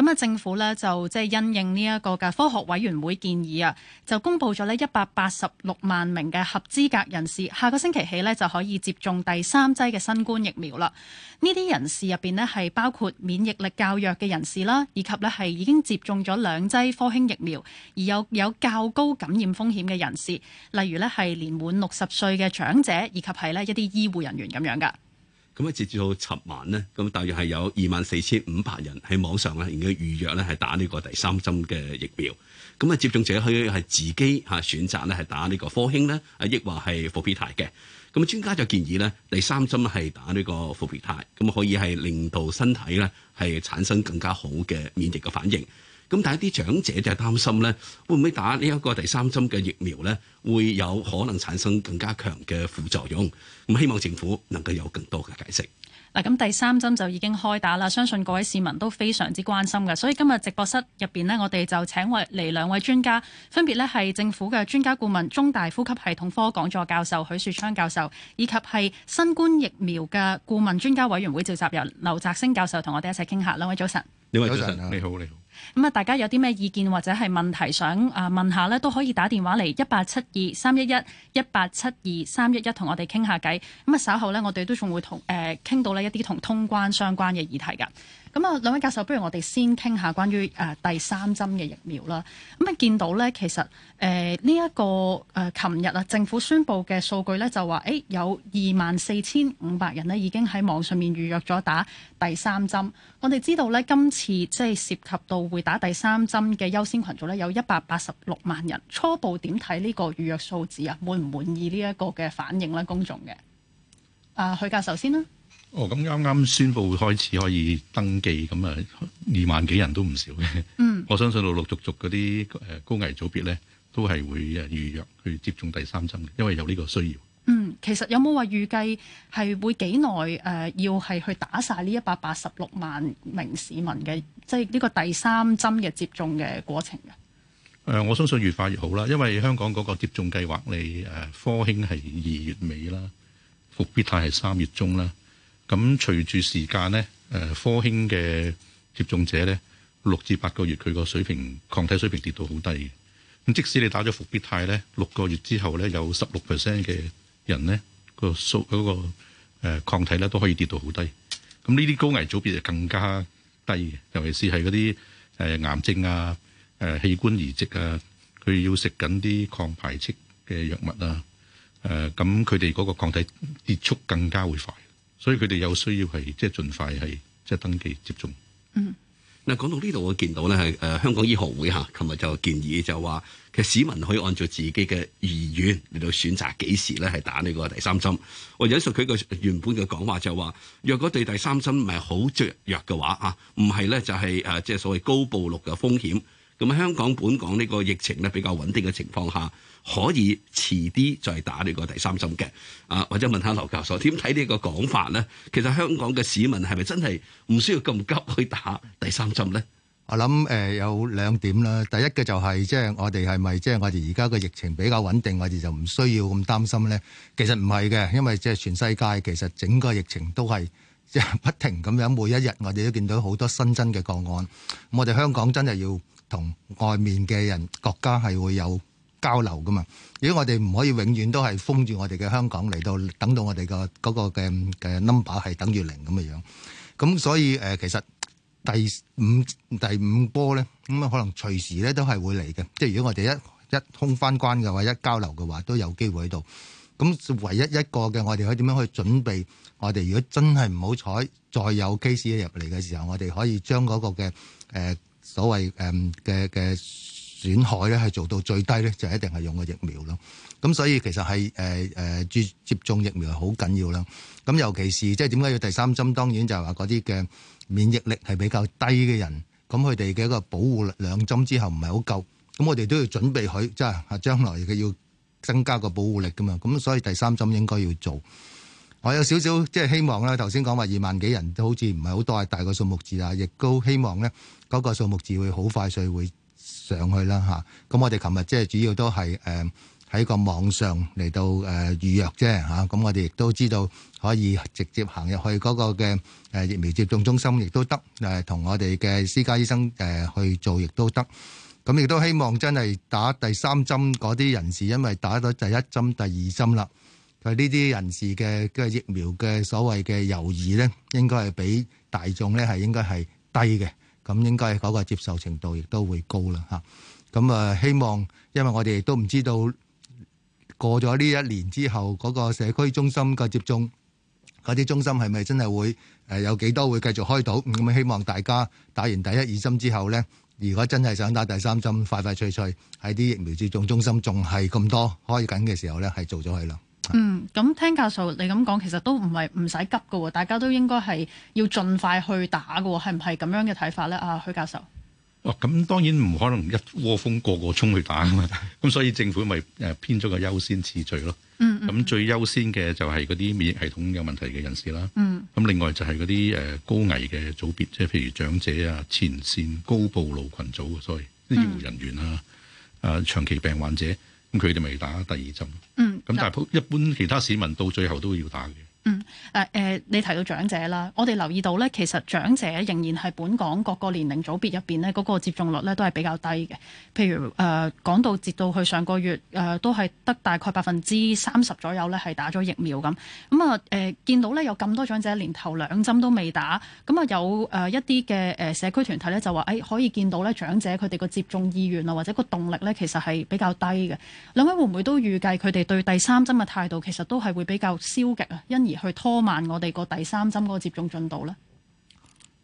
咁啊，政府咧就即係因應呢一個嘅科學委員會建議啊，就公布咗呢一百八十六萬名嘅合資格人士，下個星期起咧就可以接種第三劑嘅新冠疫苗啦。呢啲人士入邊咧係包括免疫力較弱嘅人士啦，以及咧係已經接種咗兩劑科興疫苗而有有較高感染風險嘅人士，例如咧係年滿六十歲嘅長者，以及係咧一啲醫護人員咁樣噶。咁啊，截至到尋晚咧，咁大約係有二萬四千五百人喺網上咧，而家預約咧係打呢個第三針嘅疫苗。咁啊，接種者佢係自己嚇選擇咧係打呢個科興咧，啊，抑或係復必泰嘅。咁專家就建議咧，第三針係打呢個復必泰，咁可以係令到身體咧係產生更加好嘅免疫嘅反應。咁但係啲長者就擔心呢會唔會打呢一個第三針嘅疫苗呢，會有可能產生更加強嘅副作用？咁希望政府能夠有更多嘅解釋。嗱，咁第三針就已經開打啦，相信各位市民都非常之關心嘅。所以今日直播室入邊呢，我哋就請嚟兩位專家，分別呢係政府嘅專家顧問、中大呼吸系統科講座教授許樹昌教授，以及係新冠疫苗嘅顧問專家委員會召集人劉澤星教授，同我哋一齊傾下。兩位早晨，兩位早晨，早晨，你好，你好。咁啊，大家有啲咩意見或者係問題想啊問下呢，都可以打電話嚟一八七二三一一一八七二三一一，同我哋傾下偈。咁啊，稍後呢，我哋都仲會同誒傾到呢一啲同通關相關嘅議題㗎。咁啊，兩位教授，不如我哋先傾下關於誒、呃、第三針嘅疫苗啦。咁、嗯、啊，見到咧，其實誒呢一個誒琴日啊，政府宣布嘅數據咧，就話誒、欸、有二萬四千五百人咧已經喺網上面預約咗打第三針。我哋知道咧，今次即係涉及到會打第三針嘅優先群組咧，有一百八十六萬人。初步點睇呢個預約數字啊？滿唔滿意呢一個嘅反應咧？公眾嘅？啊、呃，許教授先啦。哦，咁啱啱宣布開始可以登記，咁啊二萬幾人都唔少嘅。嗯，我相信陸陸續續嗰啲誒高危組別咧，都係會誒預約去接種第三針嘅，因為有呢個需要。嗯，其實有冇話預計係會幾耐誒？要係去打晒呢一百八十六萬名市民嘅，即係呢個第三針嘅接種嘅過程嘅？誒、呃，我相信越快越好啦，因為香港嗰個接種計劃，你誒、呃、科興係二月尾啦，復必泰係三月中啦。咁隨住時間咧，誒科興嘅接種者咧，六至八個月佢個水平抗體水平跌到好低嘅。咁即使你打咗復必泰咧，六個月之後咧，有十六 percent 嘅人咧個數嗰個誒抗體咧都可以跌到好低。咁呢啲高危組別就更加低嘅，尤其是係嗰啲誒癌症啊、誒器官移植啊，佢要食緊啲抗排斥嘅藥物啊。誒咁佢哋嗰個抗體跌速更加會快。所以佢哋有需要係即係盡快係即係登記接種。嗯，嗱講到呢度，我見到咧係誒香港醫學會嚇，琴日就建議就話，其實市民可以按照自己嘅意願嚟到選擇幾時咧係打呢個第三針。我引述佢個原本嘅講話就話，若果對第三針唔係好脆弱嘅話啊，唔係咧就係誒即係所謂高暴露嘅風險。咁香港本港呢個疫情咧比較穩定嘅情況下，可以遲啲再打呢個第三針嘅。啊，或者問下劉教授點睇呢個講法咧？其實香港嘅市民係咪真係唔需要咁急去打第三針咧？我諗誒，呃，有兩點啦。第一嘅就係即係我哋係咪即係我哋而家嘅疫情比較穩定，我哋就唔需要咁擔心咧？其實唔係嘅，因為即係全世界其實整個疫情都係即係不停咁樣，每一日我哋都見到好多新增嘅個案。我哋香港真係要。同外面嘅人，國家係會有交流噶嘛？如果我哋唔可以永遠都係封住我哋嘅香港嚟，到等到我哋嘅嗰個嘅嘅 number 係等於零咁嘅樣，咁、嗯、所以誒、呃、其實第五第五波咧，咁、嗯、啊可能隨時咧都係會嚟嘅。即係如果我哋一一通翻關嘅話，一交流嘅話都有機會喺度。咁、嗯、唯一一個嘅，我哋可以點樣去準備我哋如果真係唔好彩，再有 case 入嚟嘅時候，我哋可以將嗰個嘅誒。呃所謂誒嘅嘅損害咧，係做到最低咧，就一定係用個疫苗咯。咁所以其實係誒誒接接種疫苗好緊要啦。咁尤其是即係點解要第三針？當然就係話嗰啲嘅免疫力係比較低嘅人，咁佢哋嘅一個保護力兩針之後唔係好夠，咁我哋都要準備佢，即係啊將來佢要增加個保護力噶嘛。咁所以第三針應該要做。我有少少即係希望啦。頭先講話二萬幾人都好似唔係好多，係大個數目字啦，亦都希望呢嗰個數目字會好快脆會上去啦吓，咁我哋琴日即係主要都係誒喺個網上嚟到誒預約啫吓，咁我哋亦都知道可以直接行入去嗰個嘅疫苗接種中心，亦都得同我哋嘅私家醫生去做，亦都得。咁亦都希望真係打第三針嗰啲人士，因為打咗第一針、第二針啦。佢呢啲人士嘅嘅疫苗嘅所謂嘅猶豫咧，應該係比大眾咧係應該係低嘅，咁應該嗰個接受程度亦都會高啦嚇。咁啊，希望因為我哋亦都唔知道過咗呢一年之後嗰個社區中心嘅接種嗰啲中心係咪真係會誒有幾多會繼續開到咁啊？希望大家打完第一二針之後咧，如果真係想打第三針，快快脆脆喺啲疫苗接種中心仲係咁多開緊嘅時候咧，係做咗去啦。嗯，咁聽教授你咁講，其實都唔係唔使急㗎喎，大家都應該係要盡快去打㗎喎，係唔係咁樣嘅睇法咧？啊，許教授，咁、哦、當然唔可能一窩蜂過個個衝去打啊嘛，咁 所以政府咪誒編咗個優先次序咯、嗯。嗯咁最優先嘅就係嗰啲免疫系統有問題嘅人士啦。嗯。咁另外就係嗰啲高危嘅組別，即係譬如長者啊、前線高暴露群組，所謂啲醫護人員、嗯、啊、長期病患者。咁佢哋未打第二針，咁、嗯、但係一般其他市民到最後都要打嘅。嗯、啊呃，你提到長者啦，我哋留意到咧，其實長者仍然係本港各個年齡組別入邊咧，嗰、那個接種率咧都係比較低嘅。譬如誒、呃，講到接到去上個月、呃、都係得大概百分之三十左右咧，係打咗疫苗咁。咁、嗯、啊、呃、見到咧有咁多長者連頭兩針都未打，咁、嗯、啊有、呃、一啲嘅、呃、社區團體咧就話、哎、可以見到咧長者佢哋個接種意願啊或者個動力咧其實係比較低嘅。兩位會唔會都預計佢哋對第三針嘅態度其實都係會比較消極啊？因而去拖慢我哋個第三針嗰個接種進度咧，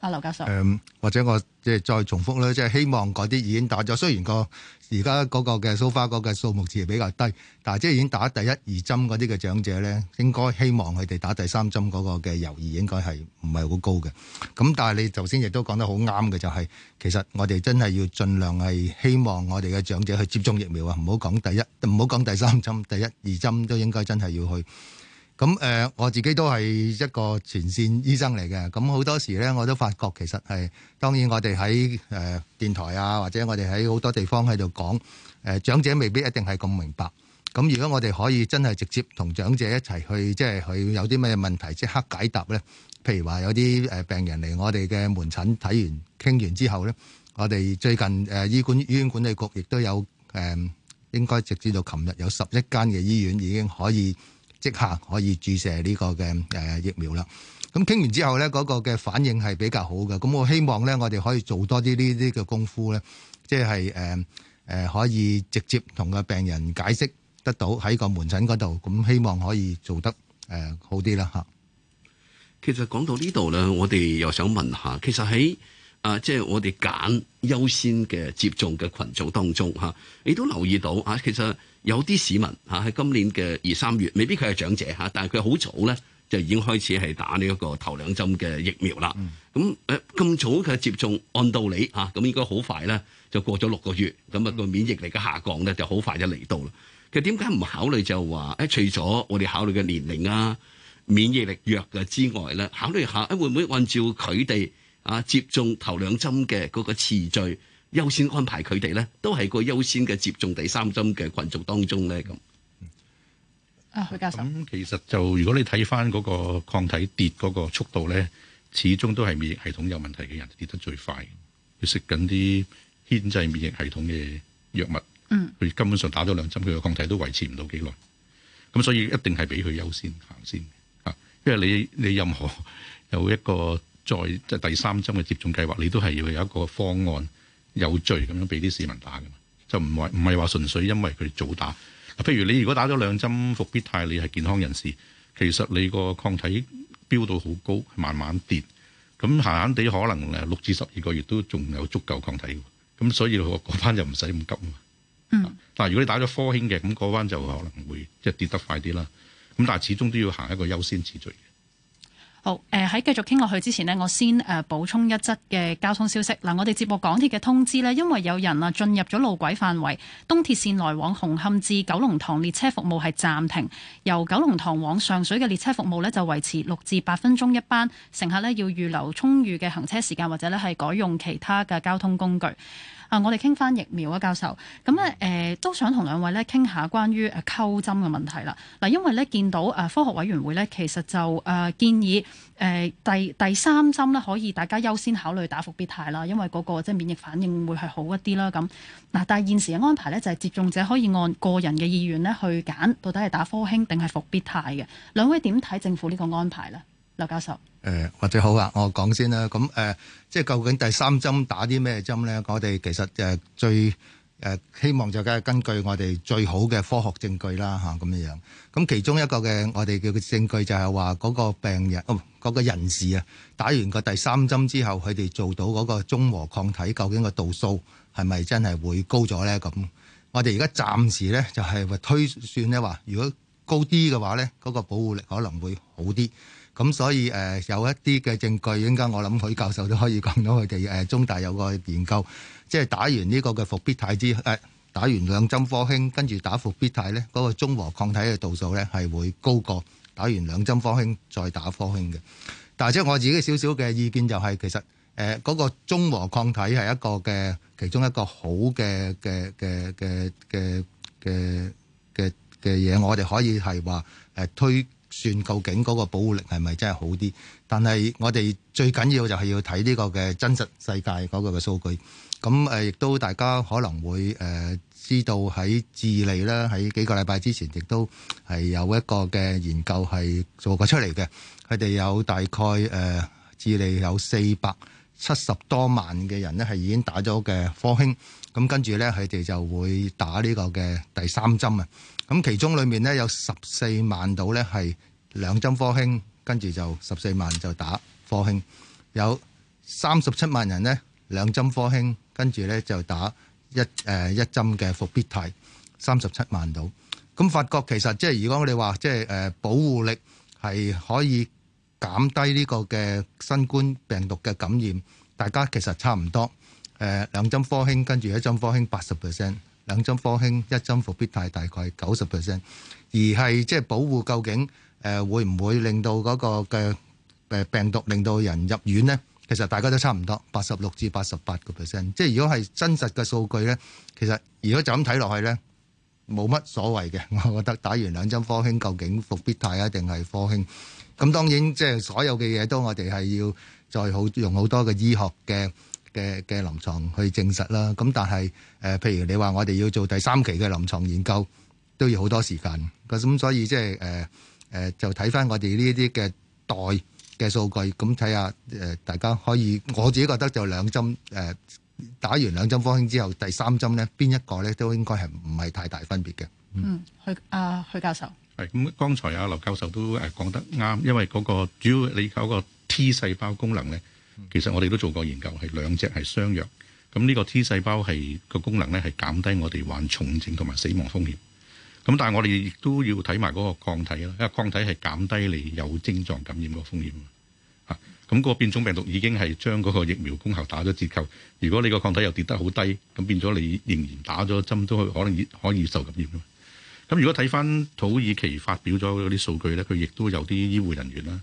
阿劉教授，嗯，或者我即係再重複咧，即係希望嗰啲已經打咗，雖然個而家嗰個嘅 so far 嗰個數目字比較低，但係即係已經打第一、二針嗰啲嘅長者咧，應該希望佢哋打第三針嗰個嘅猶豫應該係唔係好高嘅。咁但係你頭先亦都講得好啱嘅，就係其實我哋真係要盡量係希望我哋嘅長者去接種疫苗啊，唔好講第一，唔好講第三針，第一、二針都應該真係要去。咁誒、呃，我自己都係一個前線醫生嚟嘅，咁好多時咧，我都發覺其實係當然我哋喺誒電台啊，或者我哋喺好多地方喺度講誒長者未必一定係咁明白。咁如果我哋可以真係直接同長者一齊去，即、就、係、是、去有啲咩問題即刻解答咧。譬如話有啲、呃、病人嚟我哋嘅門診睇完傾完之後咧，我哋最近誒、呃、醫管醫院管理局亦都有誒、呃，應該直至到琴日有十一間嘅醫院已經可以。即刻可以注射呢個嘅誒疫苗啦。咁傾完之後咧，嗰個嘅反應係比較好嘅。咁我希望咧，我哋可以做多啲呢啲嘅功夫咧，即係誒誒，可以直接同個病人解釋，得到喺個門診嗰度。咁希望可以做得誒好啲啦，吓。其實講到呢度咧，我哋又想問下，其實喺啊，即係我哋揀優先嘅接種嘅群組當中吓，你都留意到啊，其實。有啲市民喺、啊、今年嘅二三月，未必佢係長者、啊、但係佢好早咧就已經開始係打呢一個頭兩針嘅疫苗啦。咁咁、嗯、早佢接種，按道理咁、啊、應該好快呢就過咗六個月，咁、那、啊個免疫力嘅下降咧就好快就嚟到啦。其實點解唔考慮就話誒、啊，除咗我哋考慮嘅年齡啊、免疫力弱嘅之外咧，考慮下誒會唔會按照佢哋啊、啊接種頭兩針嘅嗰個次序？優先安排佢哋咧，都係個優先嘅接種第三針嘅群眾當中咧。咁啊，許教授咁其實就如果你睇返嗰個抗體跌嗰個速度咧，始終都係免疫系統有問題嘅人跌得最快。佢食緊啲牽制免疫系統嘅藥物，嗯，佢根本上打咗兩針，佢個抗體都維持唔到幾耐。咁所以一定係俾佢優先行先啊，因為你你任何有一個再，即係第三針嘅接種計劃，你都係要有一個方案。有罪咁樣俾啲市民打嘅嘛，就唔係唔係話純粹因為佢早打嗱。譬如你如果打咗兩針伏必泰，你係健康人士，其實你個抗體飆到好高，慢慢跌咁，閒閒地可能誒六至十二個月都仲有足夠抗體。咁所以嗰班就唔使咁急啊嘛。嗯，但係如果你打咗科興嘅，咁嗰班就可能會即係跌得快啲啦。咁但係始終都要行一個優先次序。好，誒、呃、喺繼續傾落去之前呢，我先誒、呃、補充一則嘅交通消息。嗱，我哋接獲港鐵嘅通知呢，因為有人啊進入咗路軌範圍，東鐵線來往紅磡至九龍塘列車服務係暫停，由九龍塘往上水嘅列車服務呢，就維持六至八分鐘一班，乘客呢，要預留充裕嘅行車時間，或者呢，係改用其他嘅交通工具。啊，我哋傾翻疫苗啊，教授。咁咧誒，都想同兩位咧傾下關於誒、呃、溝針嘅問題啦。嗱，因為咧見到誒、呃、科學委員會咧，其實就誒、呃、建議誒、呃、第第三針咧可以大家優先考慮打復必泰啦，因為嗰、那個即係免疫反應會係好一啲啦。咁嗱，但係現時嘅安排咧就係、是、接種者可以按個人嘅意願咧去揀，到底係打科興定係復必泰嘅。兩位點睇政府呢個安排咧？劉教授，誒或者好啊，我講先啦。咁誒、呃，即係究竟第三針打啲咩針咧？我哋其實誒最誒、呃、希望就梗係根據我哋最好嘅科學證據啦咁、啊、樣。咁其中一個嘅我哋叫嘅證據就係話嗰個病人，嗰、呃那個人士啊，打完個第三針之後，佢哋做到嗰個中和抗體，究竟個度數係咪真係會高咗咧？咁我哋而家暫時咧就係、是、推算咧話，如果高啲嘅話咧，嗰、那個保護力可能會好啲。咁所以誒、呃、有一啲嘅證據，應該我諗許教授都可以講到，佢哋誒中大有個研究，即係打完呢個嘅復必泰之誒、呃，打完兩針科興，跟住打復必泰咧，嗰、那個中和抗體嘅度數咧係會高過打完兩針科興再打科興嘅。但係即係我自己少少嘅意見就係、是、其實誒嗰、呃那個，中和抗體係一個嘅其中一個好嘅嘅嘅嘅嘅嘅嘅嘅嘢，嗯、我哋可以係話誒推。算究竟嗰個保護力係咪真係好啲？但係我哋最緊要就係要睇呢個嘅真實世界嗰個嘅數據，咁誒亦都大家可能會誒、呃、知道喺智利咧，喺幾個禮拜之前亦都係有一個嘅研究係做過出嚟嘅。佢哋有大概誒、呃、智利有四百七十多萬嘅人咧，係已經打咗嘅科興。咁跟住咧，佢哋就會打呢個嘅第三針啊，咁其中裏面咧，有十四萬度咧係兩針科興，跟住就十四萬就打科興；有三十七萬人咧兩針科興，跟住咧就打一誒一針嘅復必泰，三十七萬度。咁發覺其實即係如果我哋話即係誒保護力係可以減低呢個嘅新冠病毒嘅感染，大家其實差唔多。誒兩針科興，跟住一針科興八十 percent，兩針科興一針復必泰大概九十 percent，而係即係保護究竟誒會唔會令到嗰個嘅誒病毒令到人入院呢？其實大家都差唔多八十六至八十八個 percent，即係如果係真實嘅數據呢，其實如果就咁睇落去呢，冇乜所謂嘅，我覺得打完兩針科興，究竟復必泰啊定係科興？咁當然即係所有嘅嘢都我哋係要再好用好多嘅醫學嘅，嘅嘅臨床去證實啦，咁但係誒、呃，譬如你話我哋要做第三期嘅臨床研究，都要好多時間嘅，咁所以即係誒誒，就睇返我哋呢啲嘅袋嘅數據，咁睇下誒，大家可以，我自己覺得就兩針誒、呃，打完兩針科興之後，第三針咧邊一個咧都應該係唔係太大分別嘅。嗯，許阿、啊、許教授係咁，剛才阿劉教授都誒講得啱，因為嗰個主要你靠、個 T 細胞功能咧。其實我哋都做過研究，係兩隻係相若。咁呢個 T 細胞係個功能咧，係減低我哋患重症同埋死亡風險。咁但係我哋亦都要睇埋嗰個抗體啦，因為抗體係減低你有症狀感染個風險。嚇，咁個變種病毒已經係將嗰個疫苗功效打咗折扣。如果你個抗體又跌得好低，咁變咗你仍然打咗針都可能可以受感染。咁如果睇返土耳其發表咗嗰啲數據咧，佢亦都有啲醫護人員啦。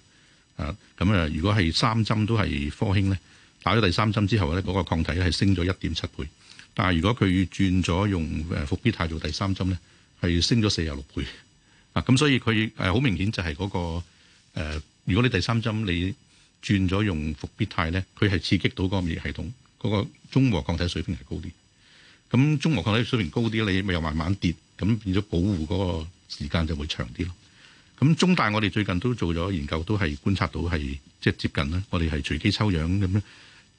啊，咁如果係三針都係科興咧，打咗第三針之後咧，嗰個抗體係升咗一點七倍。但係如果佢轉咗用復必泰做第三針咧，係升咗四十六倍。啊，咁所以佢好明顯就係嗰個、呃、如果你第三針你轉咗用復必泰咧，佢係刺激到嗰免疫系統嗰個中和抗體水平係高啲。咁中和抗體水平高啲，你咪又慢慢跌，咁變咗保護嗰個時間就會長啲咯。咁中大我哋最近都做咗研究，都係觀察到係即係接近啦。我哋係隨機抽樣，咁樣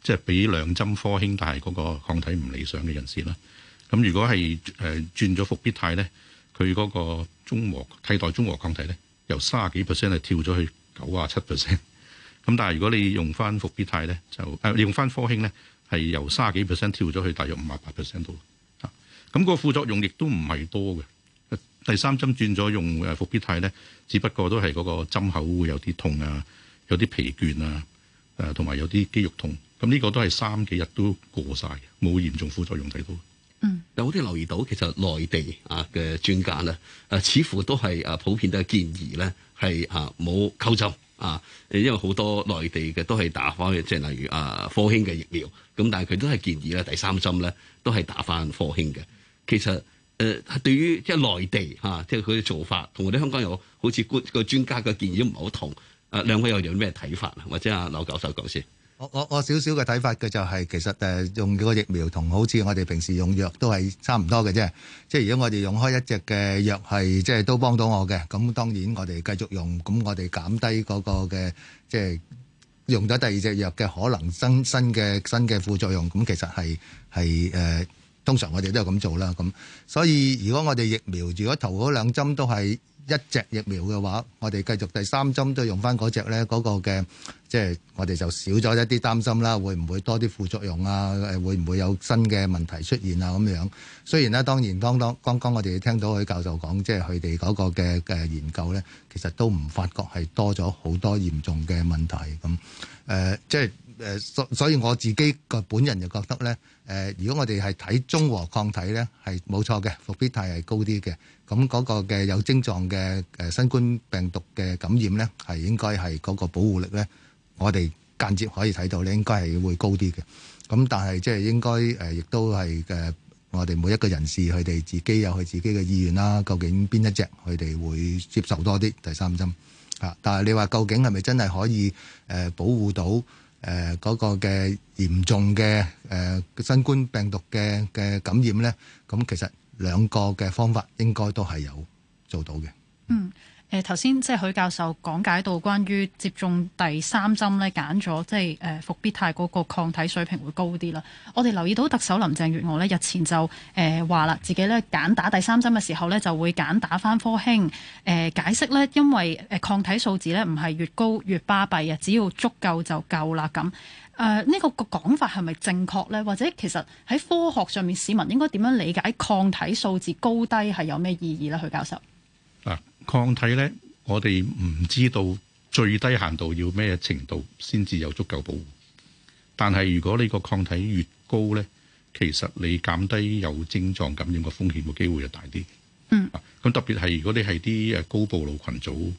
即係俾兩針科興但係嗰個抗體唔理想嘅人士啦。咁如果係誒轉咗復必泰咧，佢嗰個中和替代中和抗體咧，由卅幾 percent 係跳咗去九啊七 percent。咁但係如果你用翻復必泰咧，就誒、啊、用翻科興咧，係由卅幾 percent 跳咗去大約五啊八 percent 度嚇，咁個副作用亦都唔係多嘅。第三針轉咗用誒復必泰咧，只不過都係嗰個針口會有啲痛啊，有啲疲倦啊，誒同埋有啲肌肉痛，咁呢個都係三幾日都過晒，冇嚴重副作用睇到。嗯，有啲留意到，其實內地啊嘅專家咧，誒似乎都係誒普遍都係建議咧，係啊冇溝針啊，因為好多內地嘅都係打返，即係例如啊科興嘅疫苗，咁但係佢都係建議咧第三針咧都係打返科興嘅，其實。誒、呃，對於即係內地嚇，即係佢嘅做法，同我哋香港有好似個專家嘅建議都唔係好同。誒、啊，兩位又有咩睇法啊？或者阿劉教授講先。我我我少少嘅睇法嘅就係、是、其實誒用幾個疫苗同好似我哋平時用藥都係差唔多嘅啫。即係如果我哋用開一隻嘅藥係即係都幫到我嘅，咁當然我哋繼續用。咁我哋減低嗰個嘅即係用咗第二隻藥嘅可能新新嘅新嘅副作用。咁其實係係誒。通常我哋都係咁做啦，咁所以如果我哋疫苗，如果頭嗰兩針都係一隻疫苗嘅話，我哋繼續第三針都用翻嗰隻呢。嗰、嗰個嘅即係我哋就少咗一啲擔心啦，會唔會多啲副作用啊？會會唔會有新嘅問題出現啊？咁樣雖然呢，當然剛剛剛剛我哋聽到許教授講，即係佢哋嗰個嘅研究呢，其實都唔發覺係多咗好多嚴重嘅問題咁誒，即係。誒，所、呃、所以我自己個本人就覺得咧，誒、呃，如果我哋係睇中和抗體咧，係冇錯嘅，復必泰係高啲嘅。咁嗰個嘅有症狀嘅誒新冠病毒嘅感染咧，係應該係嗰個保護力咧，我哋間接可以睇到咧，應該係會高啲嘅。咁但係即係應該誒，亦、呃、都係嘅、呃。我哋每一個人士佢哋自己有佢自己嘅意願啦。究竟邊一隻佢哋會接受多啲第三針啊？但係你話究竟係咪真係可以誒、呃、保護到？誒嗰、呃那個嘅嚴重嘅誒、呃、新冠病毒嘅嘅感染咧，咁其實兩個嘅方法應該都係有做到嘅。嗯。誒頭先即係許教授講解到關於接種第三針咧，揀咗即係誒復必泰嗰個抗體水平會高啲啦。我哋留意到特首林鄭月娥呢日前就誒話啦，自己咧揀打第三針嘅時候咧就會揀打翻科興。誒解釋咧，因為誒抗體數字咧唔係越高越巴閉呀，只要足夠就夠啦咁。誒、呃、呢、呢個個講法係咪正確咧？或者其實喺科學上面，市民應該點樣理解抗體數字高低係有咩意義咧？許教授？抗體咧，我哋唔知道最低限度要咩程度先至有足夠保護。但係如果你個抗體越高咧，其實你減低有症狀感染嘅風險嘅機會就大啲。嗯，咁、啊、特別係如果你係啲誒高暴露群組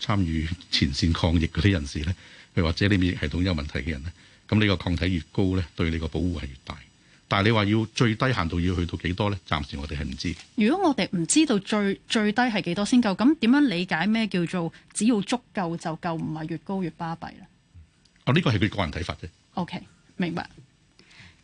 參與前線抗疫嗰啲人士咧，譬如或者你免疫系統有問題嘅人咧，咁你個抗體越高咧，對你個保護係越大。但你話要最低限度要去到幾多咧？暫時我哋係唔知。如果我哋唔知道最最低係幾多先夠，咁點樣理解咩叫做只要足夠就夠，唔係越高越巴閉咧？哦，呢個係佢個人睇法啫。OK，明白。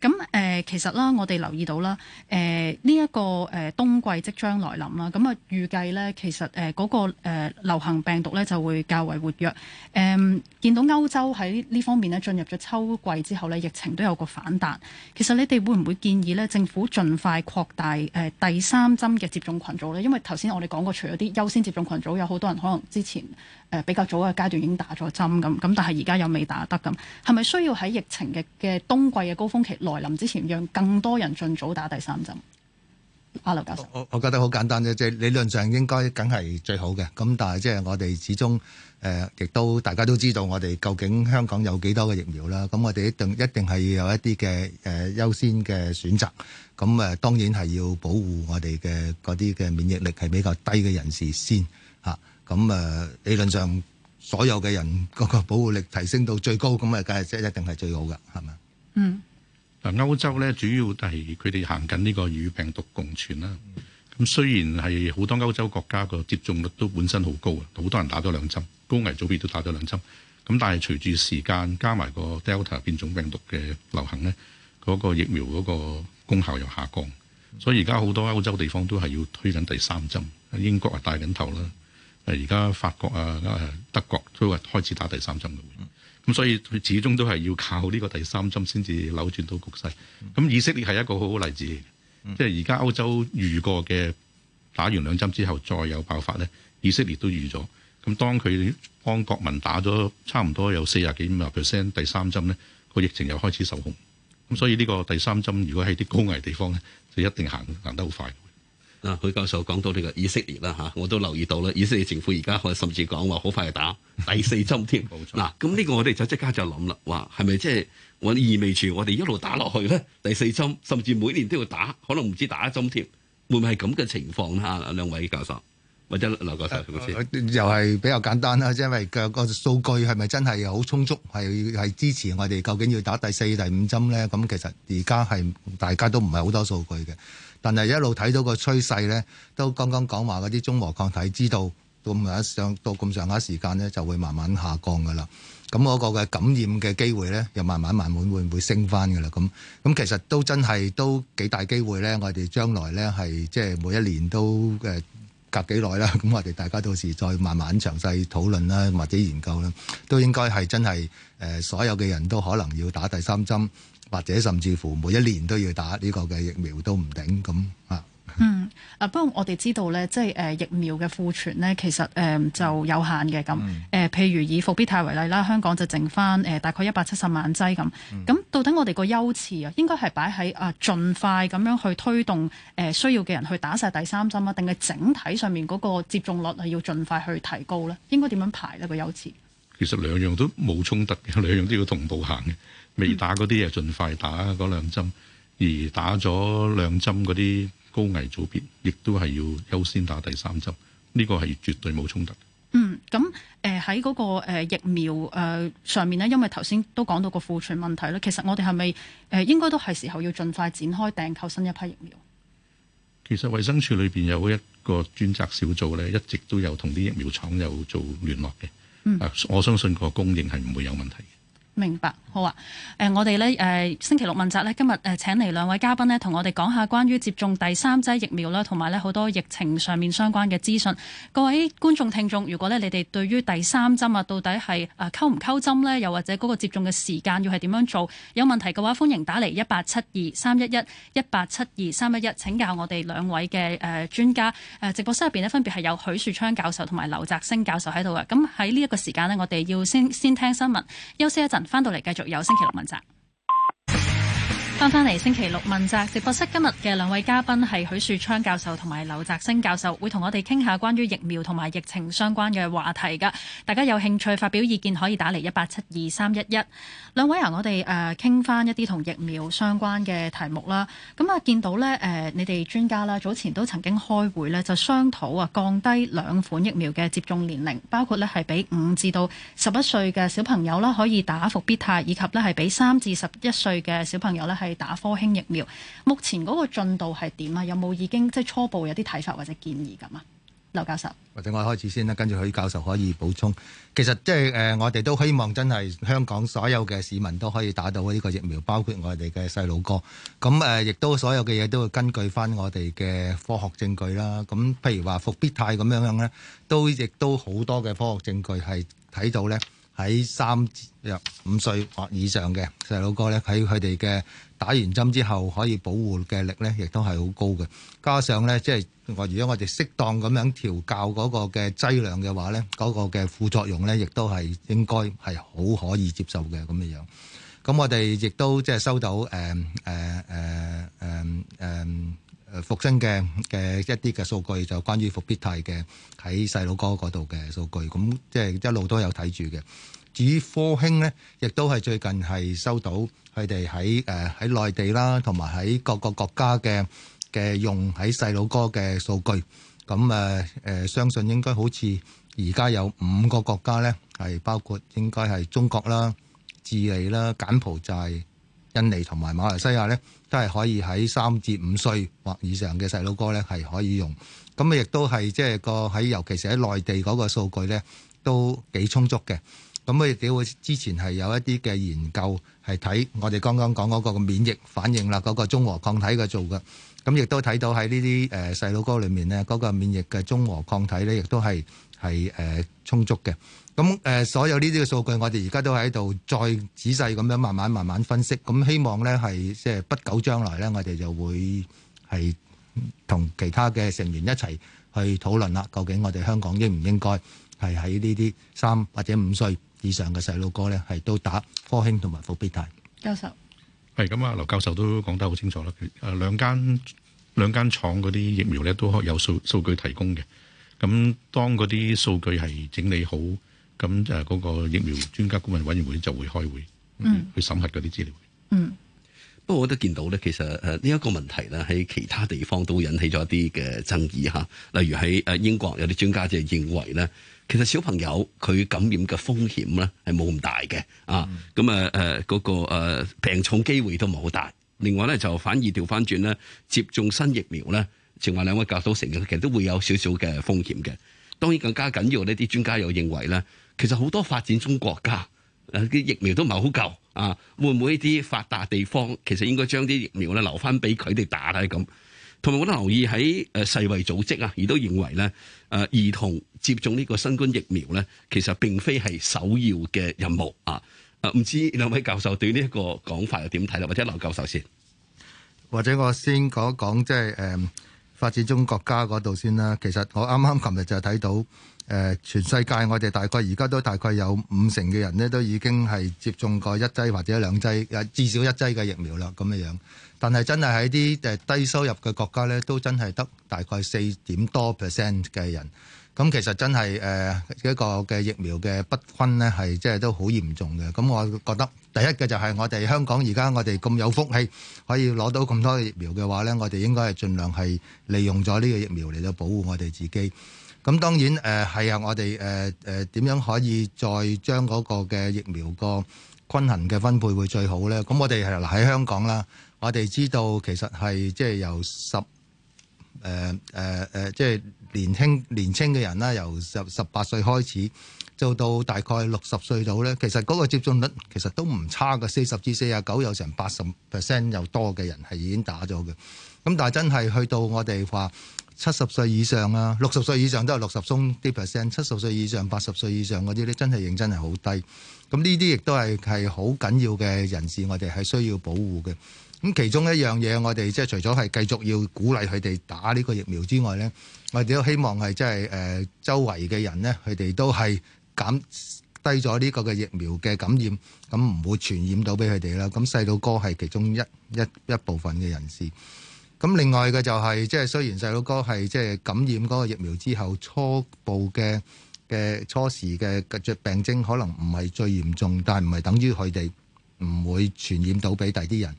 咁誒、嗯呃、其實啦，我哋留意到啦，誒呢一個誒、呃、冬季即將來臨啦，咁啊預計咧其實誒嗰個流行病毒咧就會較為活躍。誒、嗯、見到歐洲喺呢方面咧進入咗秋季之後咧，疫情都有個反彈。其實你哋會唔會建議咧政府盡快擴大誒、呃、第三針嘅接種群組咧？因為頭先我哋講過，除咗啲優先接種群組，有好多人可能之前，比較早嘅階段已經打咗針咁，咁但係而家又未打得咁，係咪需要喺疫情嘅嘅冬季嘅高峰期來臨之前，讓更多人盡早打第三針？阿劉教授，我我覺得好簡單啫，即係理論上應該梗係最好嘅，咁但係即係我哋始終誒，亦都大家都知道，我哋究竟香港有幾多嘅疫苗啦，咁我哋一定一定係要有一啲嘅誒優先嘅選擇，咁誒當然係要保護我哋嘅嗰啲嘅免疫力係比較低嘅人士先吓。啊咁誒理論上，所有嘅人嗰個保護力提升到最高，咁誒，梗係即一定係最好噶，係嘛？嗯，嗱，歐洲咧主要係佢哋行緊呢個與病毒共存啦。咁雖然係好多歐洲國家個接種率都本身好高，好多人打咗兩針高危組別都打咗兩針。咁但係隨住時間加埋個 Delta 變種病毒嘅流行咧，嗰、嗰個疫苗嗰個功效又下降，所以而家好多歐洲地方都係要推緊第三針。英國啊帶緊頭啦。而家法國啊、德國都開始打第三針嘅，咁所以佢始終都係要靠呢個第三針先至扭轉到局勢。咁以色列係一個好好例子，即係而家歐洲遇過嘅打完兩針之後再有爆發咧，以色列都遇咗。咁當佢幫國民打咗差唔多有四十幾五十 percent 第三針咧，個疫情又開始受控。咁所以呢個第三針如果喺啲高危地方咧，就一定行行得好快。啊，許教授講到呢個以色列啦、啊、我都留意到啦。以色列政府而家可甚至講話好快打第四針添。嗱 冇錯，咁呢、啊、個我哋就即刻就諗啦，話係咪即係我意味住我哋一路打落去咧？第四針甚至每年都要打，可能唔知打一針添，會唔會係咁嘅情況啊？兩位教授或者劉教授、啊之啊、又係比較簡單啦，因為個個數據係咪真係好充足，係係支持我哋究竟要打第四、第五針咧？咁其實而家係大家都唔係好多數據嘅。但係一路睇到個趨勢咧，都剛剛講話嗰啲中和抗體，知道咁上到咁上下時間咧，就會慢慢下降噶啦。咁嗰個嘅感染嘅機會咧，又慢慢慢慢會唔會升翻噶啦。咁咁其實都真係都幾大機會咧。我哋將來咧係即係每一年都嘅、呃、隔幾耐啦。咁我哋大家到時再慢慢詳細討論啦，或者研究啦，都應該係真係、呃、所有嘅人都可能要打第三針。或者甚至乎每一年都要打呢個嘅疫苗都唔頂咁啊，啊。嗯，啊，不過我哋知道咧，即係誒疫苗嘅庫存咧，其實誒就有限嘅咁。誒、啊，譬如以復必泰為例啦，香港就剩返誒、呃、大概一百七十萬劑咁。咁、嗯、到底我哋個優次啊，應該係擺喺啊，盡快咁樣去推動誒需要嘅人去打晒第三針啊，定係整體上面嗰個接種率係要盡快去提高咧？應該點樣排呢個優次？其實兩樣都冇衝突嘅，兩樣都要同步行嘅。未打嗰啲嘢，盡快打嗰兩針；而打咗兩針嗰啲高危組別亦都係要優先打第三針，呢個係絕對冇衝突。嗯，咁誒喺嗰個誒疫苗誒上面咧，因為頭先都講到個庫存問題咧，其實我哋係咪誒應該都係時候要盡快展開訂購新一批疫苗？其實衛生署裏邊有一個專責小組咧，一直都有同啲疫苗廠有做聯絡嘅。嗯，我相信個供應係唔會有問題。明白，好啊。呃、我哋呢、呃、星期六問責呢，今日誒、呃、請嚟兩位嘉賓呢，同我哋講下關於接種第三劑疫苗啦，同埋呢好多疫情上面相關嘅資訊。各位觀眾聽眾，如果呢你哋對於第三針啊，到底係誒溝唔溝針呢，又或者嗰個接種嘅時間要係點樣做？有問題嘅話，歡迎打嚟一八七二三一一一八七二三一一請教我哋兩位嘅誒、呃、專家、呃。直播室入邊呢，分別係有許樹昌教授同埋劉澤星教授喺度嘅。咁喺呢一個時間呢，我哋要先先聽新聞，休息一陣。翻到嚟繼續，有星期六問責。翻翻嚟，星期六問責直播室，今日嘅兩位嘉賓係許樹昌教授同埋劉澤星教授，會同我哋傾下關於疫苗同埋疫情相關嘅話題噶。大家有興趣發表意見，可以打嚟一八七二三一一。兩位啊，我哋誒傾翻一啲同疫苗相關嘅題目啦。咁啊，見到呢，誒、啊，你哋專家啦，早前都曾經開會呢，就商討啊，降低兩款疫苗嘅接種年齡，包括呢係俾五至到十一歲嘅小朋友啦，可以打復必泰，以及呢係俾三至十一歲嘅小朋友呢係打科興疫苗，目前嗰個進度係點啊？有冇已經即係初步有啲睇法，或者建議咁啊，劉教授，或者我先開始先啦，跟住許教授可以補充。其實即係誒，我哋都希望真係香港所有嘅市民都可以打到呢個疫苗，包括我哋嘅細路哥。咁誒，亦、呃、都所有嘅嘢都會根據翻我哋嘅科學證據啦。咁譬如話復必泰，咁樣樣咧，都亦都好多嘅科學證據係睇到咧。喺三至五歲或以上嘅細佬哥咧，喺佢哋嘅打完針之後可以保護嘅力咧，亦都係好高嘅。加上咧，即係我如果我哋適當咁樣調校嗰個嘅劑量嘅話咧，嗰個嘅副作用咧，亦都係應該係好可以接受嘅咁嘅樣。咁我哋亦都即係收到誒誒誒誒誒。呃呃呃呃復星嘅嘅一啲嘅數據就關於復必泰嘅喺細佬哥嗰度嘅數據，咁即係一路都有睇住嘅。至於科興咧，亦都係最近係收到佢哋喺誒喺內地啦，同埋喺各個國家嘅嘅用喺細佬哥嘅數據。咁誒誒，相信應該好似而家有五個國家咧，係包括應該係中國啦、智利啦、柬埔寨。印尼同埋馬來西亞呢，都係可以喺三至五歲或以上嘅細路哥呢，係可以用。咁啊，亦都係即係個喺，尤其是喺內地嗰個數據呢，都幾充足嘅。咁啊，亦會之前係有一啲嘅研究係睇我哋剛剛講嗰個免疫反應啦，嗰個中和抗體嘅做嘅。咁亦都睇到喺呢啲誒細佬哥裏面咧，嗰個免疫嘅中和抗體咧，亦都係係誒充足嘅。咁誒所有呢啲嘅數據，我哋而家都喺度再仔細咁樣慢慢慢慢分析。咁希望咧係即係不久將來咧，我哋就會係同其他嘅成員一齊去討論啦。究竟我哋香港應唔應該係喺呢啲三或者五歲以上嘅細佬哥咧，係都打科興同埋復必泰？教授。係咁啊，劉教授都講得好清楚啦。誒，兩間兩間廠嗰啲疫苗咧都有數數據提供嘅。咁當嗰啲數據係整理好，咁就係嗰個疫苗專家顧問委員會就會開會，嗯，去審核嗰啲資料。嗯，不過我都見到咧，其實誒呢一個問題咧喺其他地方都引起咗一啲嘅爭議嚇，例如喺誒英國有啲專家就認為咧。其實小朋友佢感染嘅風險咧係冇咁大嘅、嗯、啊，咁啊誒嗰個、呃、病重機會都唔係好大。另外咧就反而調翻轉咧，接種新疫苗咧，淨話兩位教授成日其實都會有少少嘅風險嘅。當然更加緊要呢啲專家又認為咧，其實好多發展中國家啊啲疫苗都唔係好夠啊，會唔會啲發達地方其實應該將啲疫苗咧留翻俾佢哋打咧咁？同埋我都留意喺世衛組織啊，亦都認為咧誒兒童接種呢個新冠疫苗咧，其實並非係首要嘅任務啊！唔知兩位教授對呢一個講法又點睇啦，或者劉教授先，或者我先講講即係誒發展中國家嗰度先啦。其實我啱啱琴日就睇到。誒、呃，全世界我哋大概而家都大概有五成嘅人呢，都已經係接種過一劑或者兩劑至少一劑嘅疫苗啦，咁嘅樣。但係真係喺啲誒低收入嘅國家呢，都真係得大概四點多 percent 嘅人。咁其實真係誒一個嘅疫苗嘅不均呢，係即係都好嚴重嘅。咁我覺得第一嘅就係我哋香港而家我哋咁有福氣可以攞到咁多嘅疫苗嘅話呢，我哋應該係盡量係利用咗呢個疫苗嚟到保護我哋自己。咁當然誒係、呃、啊！我哋誒誒點樣可以再將嗰個嘅疫苗個均衡嘅分配會最好咧？咁我哋係喺香港啦，我哋知道其實係即係由十誒誒、呃呃、即係年輕年輕嘅人啦，由十十八歲開始做到大概六十歲到咧，其實嗰個接種率其實都唔差嘅，四十至四十九有成八十 percent 又多嘅人係已經打咗嘅。咁但係真係去到我哋話。七十歲以上啊，六十歲以上都係六十鬆啲 percent，七十歲以上、八十歲以上嗰啲咧真係認真係好低。咁呢啲亦都係係好緊要嘅人士，我哋係需要保護嘅。咁其中一樣嘢，我哋即係除咗係繼續要鼓勵佢哋打呢個疫苗之外咧，我哋都希望係即係誒周圍嘅人咧，佢哋都係減低咗呢個嘅疫苗嘅感染，咁唔會傳染到俾佢哋啦。咁細路哥係其中一一一部分嘅人士。咁另外嘅就係即係雖然細佬哥係即係感染嗰個疫苗之後初步嘅嘅初時嘅著病徵可能唔係最嚴重，但係唔係等於佢哋唔會傳染到俾第啲人。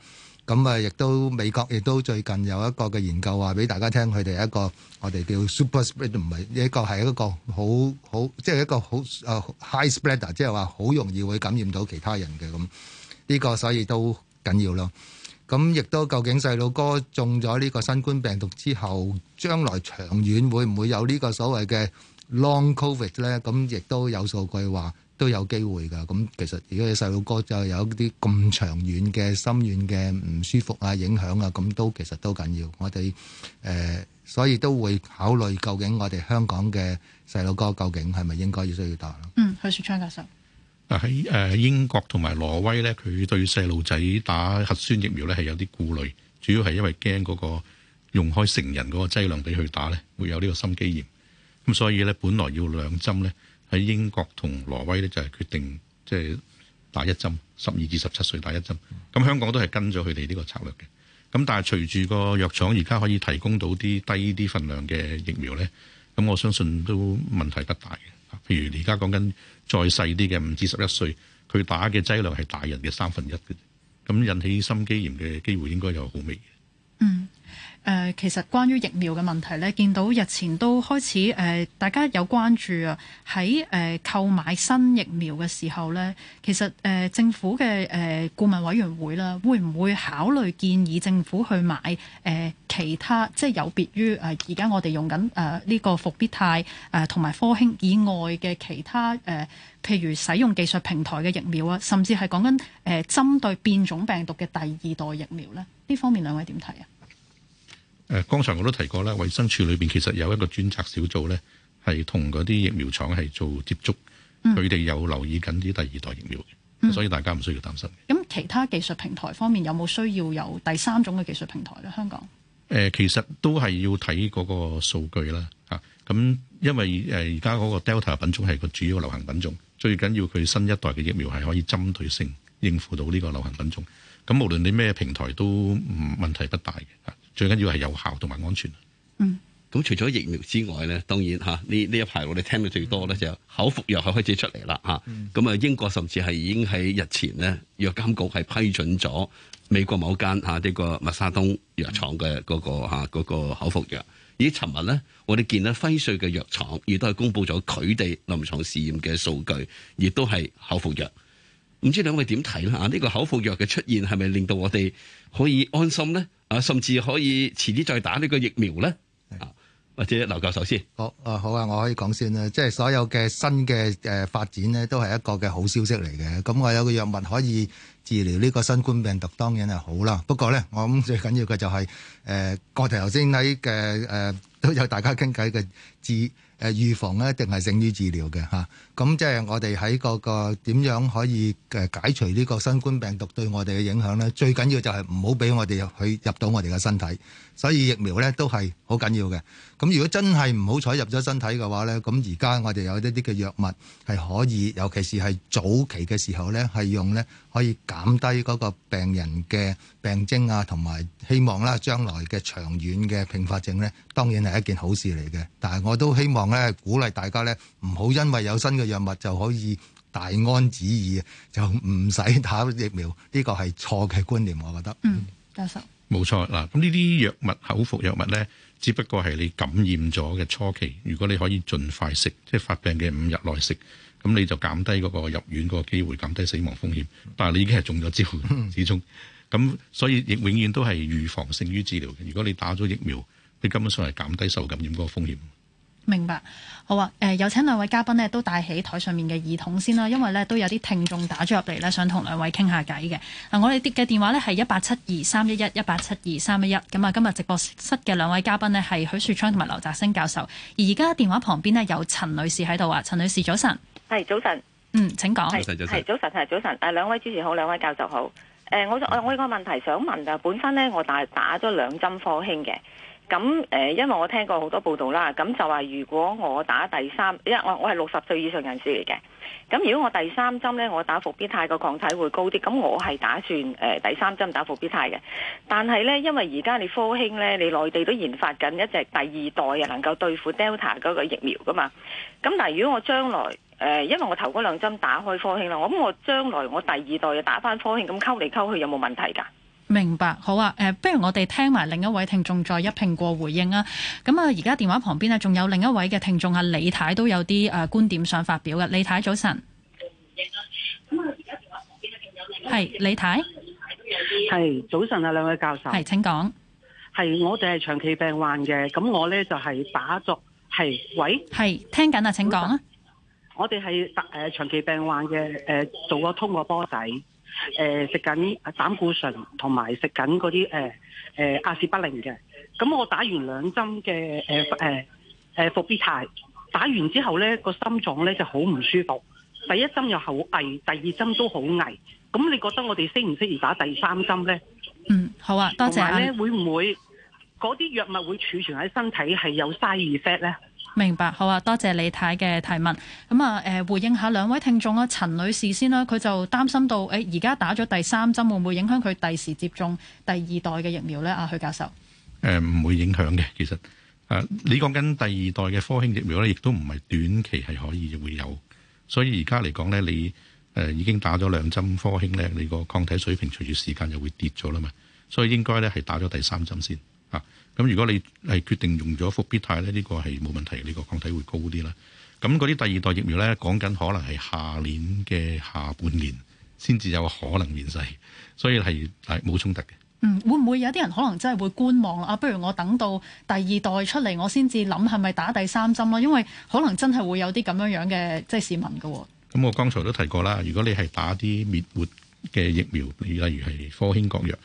咁啊，亦都美國亦都最近有一個嘅研究話俾大家聽，佢哋一個我哋叫 Super Spread 唔係一個係一個好好即係一個好 High spreader，即係話好容易會感染到其他人嘅，咁呢個，所以都緊要咯。咁亦都究竟細路哥中咗呢個新冠病毒之後，將來長遠會唔會有呢個所謂嘅 Long COVID 咧？咁亦都有數據話都有機會㗎。咁其實如果細路哥就有啲咁長遠嘅、深遠嘅唔舒服啊、影響啊，咁都其實都緊要。我哋誒、呃、所以都會考慮究竟我哋香港嘅細路哥究竟係咪應該要需要打啦？嗯，許樹昌教授。喺誒英國同埋挪威咧，佢對細路仔打核酸疫苗咧係有啲顧慮，主要係因為驚嗰個用開成人嗰個劑量俾佢打咧，會有呢個心肌炎。咁所以咧，本來要兩針咧，喺英國同挪威咧就係決定即係打一針，十二至十七歲打一針。咁香港都係跟咗佢哋呢個策略嘅。咁但係隨住個藥廠而家可以提供到啲低啲份量嘅疫苗咧，咁我相信都問題不大嘅。譬如而家講緊再細啲嘅五至十一歲，佢打嘅劑量係大人嘅三分一嘅，咁引起心肌炎嘅機會應該有好微。誒、呃，其實關於疫苗嘅問題咧，見到日前都開始誒、呃，大家有關注啊。喺誒購買新疫苗嘅時候咧，其實誒、呃、政府嘅誒顧問委員會啦，會唔會考慮建議政府去買誒、呃、其他即係有別於誒而家我哋用緊誒呢個復必泰誒同埋科興以外嘅其他誒、呃，譬如使用技術平台嘅疫苗啊，甚至係講緊誒針對變種病毒嘅第二代疫苗咧？呢方面兩位點睇啊？誒，剛才我都提過啦，衛生署裏邊其實有一個專責小組咧，係同嗰啲疫苗廠係做接觸，佢哋有留意緊啲第二代疫苗嘅，嗯、所以大家唔需要擔心。咁其他技術平台方面有冇需要有第三種嘅技術平台咧？香港誒，其實都係要睇嗰個數據啦，嚇！咁因為誒而家嗰個 Delta 品種係個主要流行品種，最緊要佢新一代嘅疫苗係可以針對性應付到呢個流行品種。咁無論你咩平台都問題不大嘅。最緊要係有效同埋安全。嗯，咁除咗疫苗之外咧，當然嚇呢呢一排我哋聽到最多咧、嗯、就口服藥係開始出嚟啦嚇。咁啊、嗯，英國甚至係已經喺日前呢，藥監局係批准咗美國某間嚇呢、啊呢個默沙東藥廠嘅嗰、嗰個嚇、啊嗰個、口服藥。而尋日咧，我哋見到輝瑞嘅藥廠亦都係公布咗佢哋臨床試驗嘅數據，亦都係口服藥。唔知兩位點睇咧嚇？呢、呢個口服藥嘅出現係咪令到我哋可以安心咧？啊，甚至可以遲啲再打呢個疫苗咧，是啊，或者劉教授先。好，啊好啊，我可以講先啦，即係所有嘅新嘅誒發展咧，都係一個嘅好消息嚟嘅。咁我有個藥物可以治療呢個新冠病毒，當然係好啦。不過咧，我諗最緊要嘅就係、是、誒，個頭頭先喺嘅誒，都有大家傾偈嘅治誒預、呃、防咧，一定係勝於治療嘅吓。咁即係我哋喺個個點樣可以嘅解除呢個新冠病毒對我哋嘅影響咧？最緊要就係唔好俾我哋去入到我哋嘅身體，所以疫苗咧都係好緊要嘅。咁如果真係唔好彩入咗身體嘅話咧，咁而家我哋有一啲嘅藥物係可以，尤其是係早期嘅時候咧，係用咧可以減低嗰個病人嘅病徵啊，同埋希望啦將來嘅長遠嘅併發症咧，當然係一件好事嚟嘅。但係我都希望咧鼓勵大家咧唔好因為有新嘅。藥物就可以大安旨意，就唔使打疫苗，呢個係錯嘅觀念，我覺得。嗯，教授。冇錯嗱，咁呢啲藥物口服藥物咧，只不過係你感染咗嘅初期，如果你可以盡快食，即係發病嘅五日內食，咁你就減低嗰個入院嗰個機會，減低死亡風險。但係你已經係中咗招，始終。咁、嗯、所以亦永遠都係預防勝於治療。如果你打咗疫苗，你根本上係減低受感染嗰個風險。明白，好啊，誒有請兩位嘉賓呢都帶起台上面嘅耳筒先啦，因為咧都有啲聽眾打咗入嚟咧，想同兩位傾下偈嘅。嗱、啊，我哋啲嘅電話咧係一八七二三一一一八七二三一一，咁啊，今日直播室嘅兩位嘉賓呢係許樹昌同埋劉澤星教授，而家電話旁邊呢有陳女士喺度啊，陳女士早晨，係早晨，嗯請講，早晨、嗯、早晨早晨早晨、啊，兩位主持好，兩位教授好，誒、啊、我我有個問題想問啊，本身咧我大打咗兩針科興嘅。咁誒，因為我聽過好多報道啦，咁就話如果我打第三，因為我我係六十歲以上人士嚟嘅，咁如果我第三針咧，我打復必泰個抗體會高啲，咁我係打算、呃、第三針打復必泰嘅。但係咧，因為而家你科興咧，你內地都研發緊一隻第二代嘅能夠對付 Delta 嗰個疫苗噶嘛。咁但係如果我將來誒、呃，因為我頭嗰兩針打開科興啦，我咁我將來我第二代又打翻科興，咁溝嚟溝去有冇問題㗎？明白，好啊，誒，不如我哋聽埋另一位聽眾再一併過回應啊。咁啊，而家電話旁邊啊，仲有另一位嘅聽眾阿李太都有啲誒觀點想發表嘅。李太早晨，係、嗯、李太，係早晨啊，兩位教授，係請講，係我哋係長期病患嘅，咁我咧就係打作係，喂，係聽緊啊，請講啊，我哋係誒長期病患嘅，誒、呃、做個通個波仔。誒，食緊膽固醇同埋食緊嗰啲誒誒阿士不靈嘅，咁我打完兩針嘅誒誒誒復必泰，打完之後咧個心臟咧就好唔舒服，第一針又好危，第二針都好危，咁你覺得我哋適唔適宜打第三針咧？嗯，好啊，多謝呢。同埋咧，會唔會嗰啲藥物會儲存喺身體係有 side effect 咧？明白，好啊！多謝李太嘅提問。咁啊，誒、呃、回應下兩位聽眾啊。陳女士先啦，佢就擔心到，誒而家打咗第三針會唔會影響佢第時接種第二代嘅疫苗咧？啊，許教授，誒唔、呃、會影響嘅，其實誒、啊、你講緊第二代嘅科興疫苗咧，亦都唔係短期係可以會有，所以而家嚟講咧，你誒、呃、已經打咗兩針科興咧，你個抗體水平隨住時間就會跌咗啦嘛，所以應該咧係打咗第三針先啊。咁如果你係決定用咗復必泰咧，呢個係冇問題，呢個抗體會高啲啦。咁嗰啲第二代疫苗咧，講緊可能係下年嘅下半年先至有可能面世，所以係冇衝突嘅。嗯，會唔會有啲人可能真係會觀望啊？不如我等到第二代出嚟，我先至諗係咪打第三針咯？因為可能真係會有啲咁樣樣嘅即係市民噶。咁我剛才都提過啦，如果你係打啲滅活嘅疫苗，例如係科興國藥。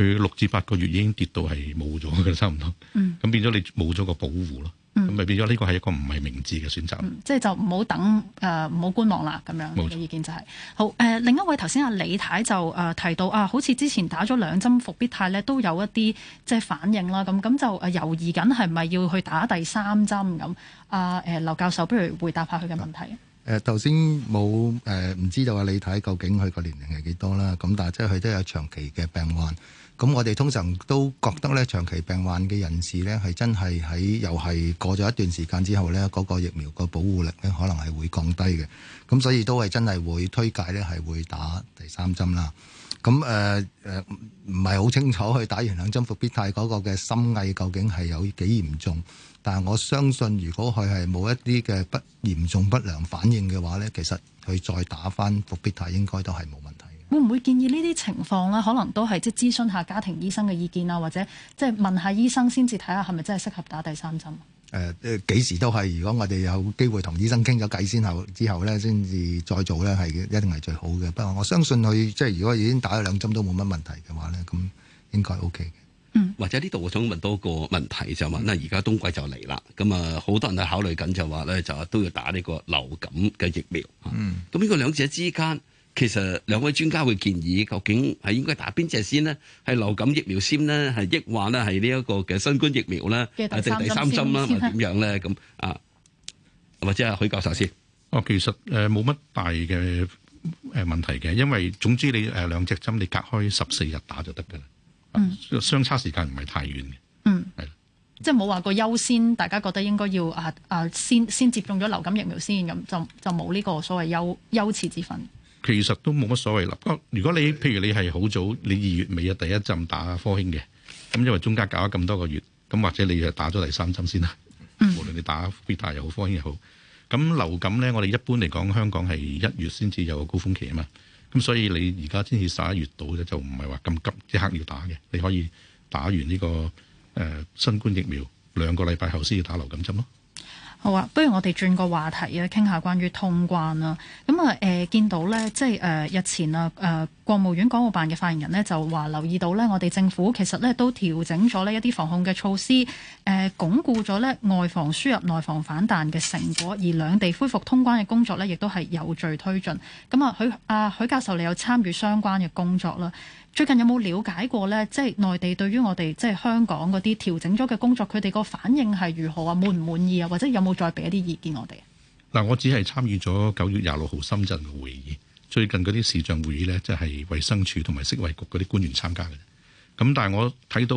佢六至八個月已經跌到係冇咗嘅，差唔多。咁變咗你冇咗個保護咯。咁咪變咗呢個係一個唔係明智嘅選擇。嗯，即係就唔好等誒，唔好、呃、觀望啦，咁樣嘅錯意見就係、是、好。誒、呃，另一位頭先阿李太就誒、呃、提到啊，好似之前打咗兩針復必泰咧，都有一啲即係反應啦。咁咁就誒猶豫緊係咪要去打第三針咁。阿誒劉教授，不如回答下佢嘅問題。誒、呃，頭先冇誒，唔、呃、知道阿李太究竟佢個年齡係幾多啦？咁但係即係佢都有長期嘅病患。咁我哋通常都覺得咧，長期病患嘅人士咧，係真係喺又係過咗一段時間之後咧，嗰個疫苗個保護力咧，可能係會降低嘅。咁所以都係真係會推介咧，係會打第三針啦。咁誒誒唔係好清楚去打完兩針復必泰嗰個嘅心藝究竟係有幾嚴重。但係我相信，如果佢係冇一啲嘅不嚴重不良反應嘅話咧，其實佢再打返復必泰應該都係冇問題。會唔會建議呢啲情況咧，可能都係即係諮詢下家庭醫生嘅意見啊，或者即係問下醫生先至睇下係咪真係適合打第三針？誒、呃、幾時都係，如果我哋有機會同醫生傾咗偈先後之後咧，先至再做咧，係一定係最好嘅。不過我相信佢即係如果已經打咗兩針都冇乜問題嘅話咧，咁應該 OK 嘅。嗯，或者呢度我想問多個問題就問，嗱而家冬季就嚟啦，咁啊好多人都考慮緊就話咧就都要打呢個流感嘅疫苗。嗯，咁呢個兩者之間。其實兩位專家會建議，究竟係應該打邊隻先呢？係流感疫苗先呢？係抑或咧係呢一個嘅新冠疫苗咧？打第，第三針啦，或點樣咧？咁啊，或者阿許教授先哦，其實誒冇乜大嘅誒問題嘅，因為總之你誒兩隻針你隔開十四日打就得噶啦。嗯，相差時間唔係太遠嘅。嗯，係是即係冇話個優先，大家覺得應該要啊啊先先接種咗流感疫苗先，咁就就冇呢個所謂優優次之分。其實都冇乜所謂啦。不過如果你譬如你係好早，你二月尾啊第一針打科興嘅，咁因為中間搞咗咁多個月，咁或者你係打咗第三針先啦。無論你打必泰又好，科興又好，咁流感咧，我哋一般嚟講，香港係一月先至有個高峯期啊嘛。咁所以你而家先至十一月到咧，就唔係話咁急即刻要打嘅。你可以打完呢個誒新冠疫苗兩個禮拜後先要打流感針咯。好啊，不如我哋轉個話題咧，傾下關於通關啦。咁啊，誒、呃、見到咧，即係誒、呃、日前啊，誒、呃、國務院港澳辦嘅發言人呢，就話留意到咧，我哋政府其實咧都調整咗呢一啲防控嘅措施，誒、呃、鞏固咗咧外防輸入、內防反彈嘅成果，而兩地恢復通關嘅工作咧亦都係有序推進。咁啊許啊許教授，你有參與相關嘅工作啦。最近有冇了解過咧？即係內地對於我哋即係香港嗰啲調整咗嘅工作，佢哋個反應係如何啊？滿唔滿意啊？或者有冇再俾一啲意見我哋啊？嗱，我只係參與咗九月廿六號深圳嘅會議，最近嗰啲視像會議咧，即係衛生署同埋食衛局嗰啲官員參加嘅。咁但係我睇到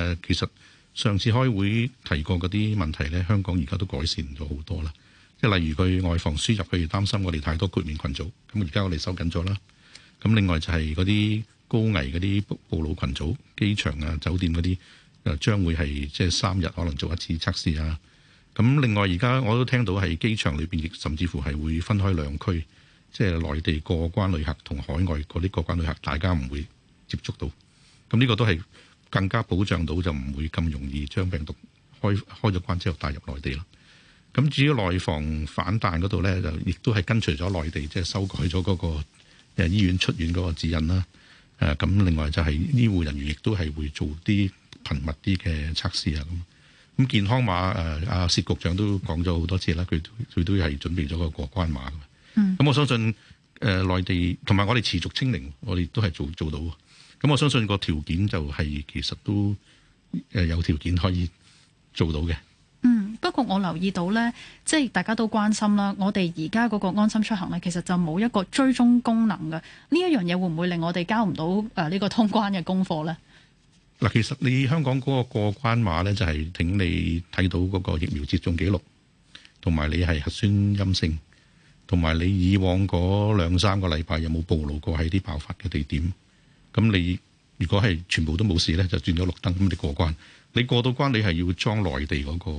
誒，其實上次開會提過嗰啲問題咧，香港而家都改善咗好多啦。即係例如佢外防輸入，佢哋擔心我哋太多豁免群組，咁而家我哋收緊咗啦。咁另外就係嗰啲。高危嗰啲暴露群組，機場啊、酒店嗰啲，誒，將會係即係三日可能做一次測試啊。咁另外，而家我都聽到係機場裏邊亦甚至乎係會分開兩區，即係內地過關旅客同海外嗰啲過關旅客，大家唔會接觸到。咁呢個都係更加保障到就唔會咁容易將病毒開開咗關之後帶入內地啦。咁至於內防反彈嗰度呢，就亦都係跟隨咗內地即係修改咗嗰個誒醫院出院嗰個指引啦。誒咁，另外就係醫護人員亦都係會做啲頻密啲嘅測試啊咁。咁健康碼誒，阿、啊、薛局長都講咗好多次啦，佢佢都係準備咗個過關碼。嗯。咁我相信誒、呃，內地同埋我哋持續清零，我哋都係做做到。咁我相信個條件就係、是、其實都誒有條件可以做到嘅。不過我留意到咧，即係大家都關心啦。我哋而家嗰個安心出行咧，其實就冇一個追蹤功能嘅。呢一樣嘢會唔會令我哋交唔到誒呢個通關嘅功課咧？嗱，其實你香港嗰個過關碼咧，就係請你睇到嗰個疫苗接種記錄，同埋你係核酸陰性，同埋你以往嗰兩三個禮拜有冇暴露過喺啲爆發嘅地點。咁你如果係全部都冇事咧，就轉咗綠燈咁你過關。你過到關，你係要裝內地嗰個。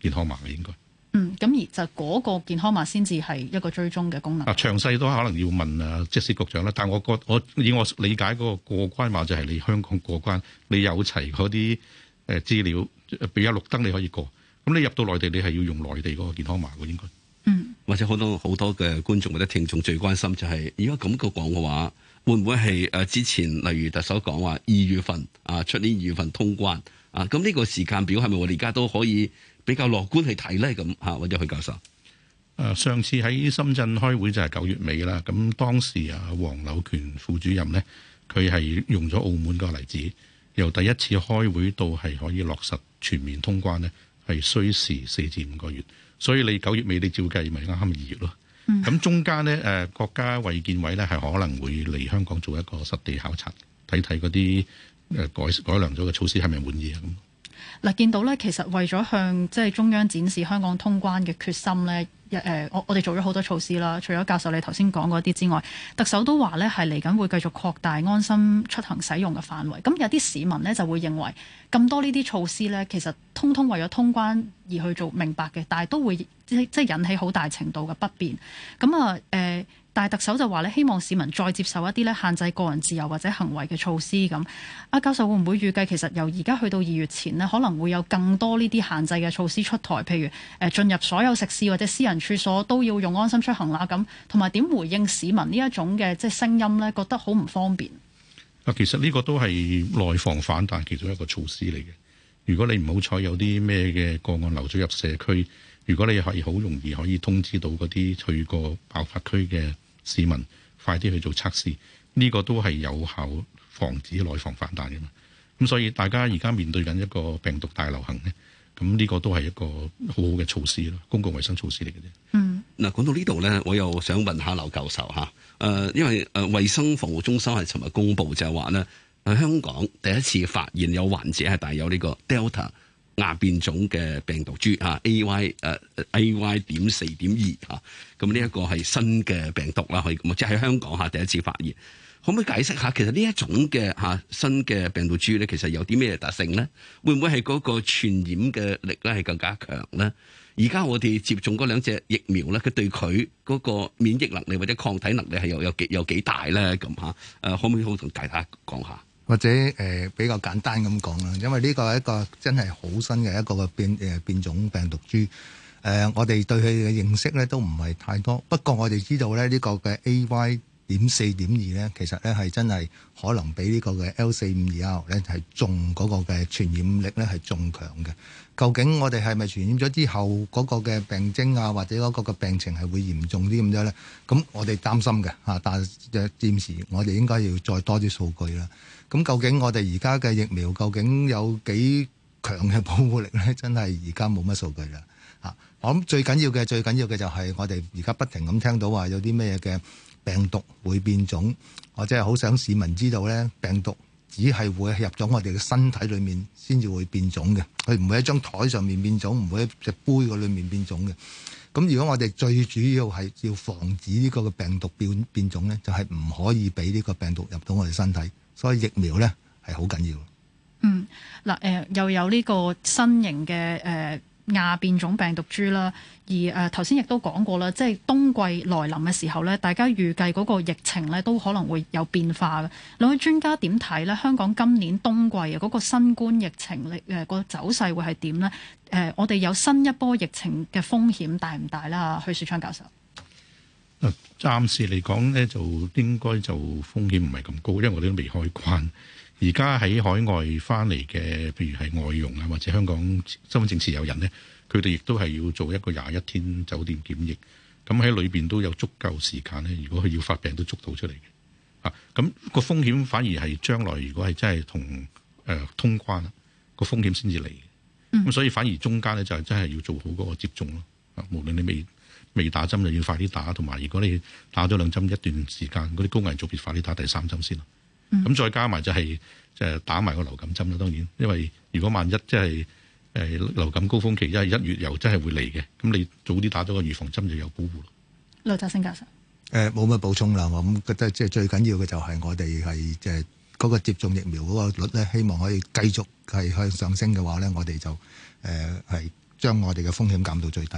健康碼嘅應該。嗯，咁而就嗰個健康碼先至係一個追蹤嘅功能。啊，詳細都可能要問啊，即使局長啦。但係我覺我以我理解嗰個過關碼就係你香港過關，你有齊嗰啲誒資料，俾啊綠燈你可以過。咁你入到內地，你係要用內地嗰個健康碼嘅應該。嗯，或者好多好多嘅觀眾或者聽眾最關心就係、是，如果咁個講嘅話，會唔會係誒之前例如特首講話二月份啊，出年二月份通關啊？咁呢個時間表係咪我哋而家都可以？比較樂觀去睇咧，咁吓或者許教授。上次喺深圳開會就係九月尾啦。咁當時啊，黃柳權副主任咧，佢係用咗澳門嗰個例子，由第一次開會到係可以落實全面通關咧，係需時四至五個月。所以你九月尾你照計咪啱啱二月咯。咁、嗯、中間咧國家衛健委咧係可能會嚟香港做一個實地考察，睇睇嗰啲改改良咗嘅措施係咪滿意啊咁。嗱，見到咧，其實為咗向即係中央展示香港通關嘅決心咧，一誒，我我哋做咗好多措施啦。除咗教授你頭先講嗰啲之外，特首都話咧係嚟緊會繼續擴大安心出行使用嘅範圍。咁有啲市民咧就會認為咁多呢啲措施咧，其實通通為咗通關而去做，明白嘅，但係都會即係引起好大程度嘅不便。咁啊誒。呃但係特首就話咧，希望市民再接受一啲咧限制個人自由或者行為嘅措施咁。阿教授會唔會預計其實由而家去到二月前呢，可能會有更多呢啲限制嘅措施出台？譬如誒，進入所有食肆或者私人處所都要用安心出行啦咁，同埋點回應市民呢一種嘅即係聲音呢？覺得好唔方便。啊，其實呢個都係內防反彈其中一個措施嚟嘅。如果你唔好彩有啲咩嘅個案流咗入社區，如果你可以好容易可以通知到嗰啲去過爆發區嘅。市民快啲去做測試，呢個都係有效防止內防反彈嘅嘛。咁所以大家而家面對緊一個病毒大流行咧，咁呢個都係一個好好嘅措施咯，公共衞生措施嚟嘅啫。嗯，嗱講到呢度咧，我又想問下劉教授嚇，誒因為誒衞生防護中心係尋日公布就係話咧，誒香港第一次發現有患者係帶有呢個 Delta。亞變種嘅病毒株啊，AY 誒 AY 點四點二啊，咁呢一個係新嘅病毒啦，可以咁即係香港吓第一次發現，可唔可以解釋下？其實呢一種嘅吓新嘅病毒株咧，其實有啲咩特性咧？會唔會係嗰個傳染嘅力咧，係更加強咧？而家我哋接種嗰兩隻疫苗咧，佢對佢嗰個免疫能力或者抗體能力係有有幾有幾大咧？咁吓誒，可唔可以好同大家講下？或者誒、呃、比較簡單咁講啦，因為呢個係一個真係好新嘅一個嘅變誒變種病毒株，誒、呃、我哋對佢嘅認識咧都唔係太多。不過我哋知道咧，呢個嘅 A Y 點四點二咧，其實咧係真係可能比呢個嘅 L 四五二 R 咧係重嗰個嘅傳染力咧係仲強嘅。究竟我哋係咪傳染咗之後嗰、嗰個嘅病徵啊，或者嗰個嘅病情係會嚴重啲咁樣咧？咁我哋擔心嘅、吓、但係暫時我哋應該要再多啲數據啦。咁究竟我哋而家嘅疫苗究竟有幾強嘅保護力咧？真係而家冇乜數據啦吓！我諗最緊要嘅、最緊要嘅就係我哋而家不停咁聽到話有啲咩嘅病毒會變種，我真係好想市民知道咧，病毒只係會入咗我哋嘅身體裏面先至會變種嘅，佢唔會喺張台上面變種，唔會喺隻杯嗰裏面變種嘅。咁如果我哋最主要係要防止呢個嘅病毒變變種咧，就係唔可以俾呢個病毒入到我哋身體。所以疫苗咧係好緊要。嗯，嗱、呃，又有呢個新型嘅誒、呃、亞變種病毒株啦，而誒頭先亦都講過啦，即係冬季來臨嘅時候咧，大家預計嗰個疫情咧都可能會有變化。兩位、嗯、專家點睇咧？香港今年冬季嘅嗰個新冠疫情力誒個走勢會係點咧？誒、呃，我哋有新一波疫情嘅風險大唔大啦？許樹昌教授。嗱，暫時嚟講咧，就應該就風險唔係咁高，因為我哋都未開關。而家喺海外翻嚟嘅，譬如係外傭啊，或者香港身份證持有人咧，佢哋亦都係要做一個廿一天酒店檢疫。咁喺裏邊都有足夠時間咧，如果佢要發病都捉到出嚟嘅。啊，咁個風險反而係將來，如果係真係同誒、呃、通關啊，個風險先至嚟。咁所以反而中間咧就係真係要做好嗰個接種咯。啊，無論你未未打針就要快啲打，同埋如果你打咗兩針一段時間，嗰啲高危組別快啲打第三針先。咁、嗯、再加埋就係即係打埋個流感針啦。當然，因為如果萬一即係誒流感高峰期，因為一月又真係會嚟嘅，咁你早啲打咗個預防針就有保護。劉澤星教授，誒冇乜補充啦。我咁覺得即係最緊要嘅就係我哋係即係嗰個接種疫苗嗰個率咧，希望可以繼續係向上升嘅話咧，我哋就誒係、呃、將我哋嘅風險減到最低。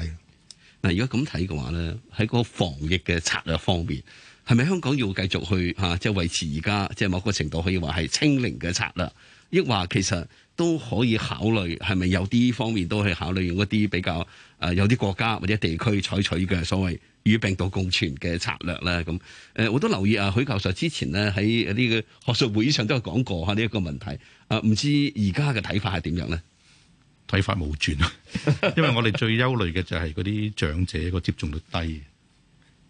嗱，如果咁睇嘅話咧，喺個防疫嘅策略方面，係咪香港要繼續去吓即係維持而家即係某個程度可以話係清零嘅策略，抑或其實都可以考慮係咪有啲方面都係考慮用一啲比較誒有啲國家或者地區採取嘅所謂與病毒共存嘅策略咧？咁誒，我都留意啊，許教授之前咧喺一啲嘅學術會議上都有講過吓呢一個問題啊，唔知而家嘅睇法係點樣咧？睇法冇轉啊！因為我哋最憂慮嘅就係嗰啲長者個接種率低。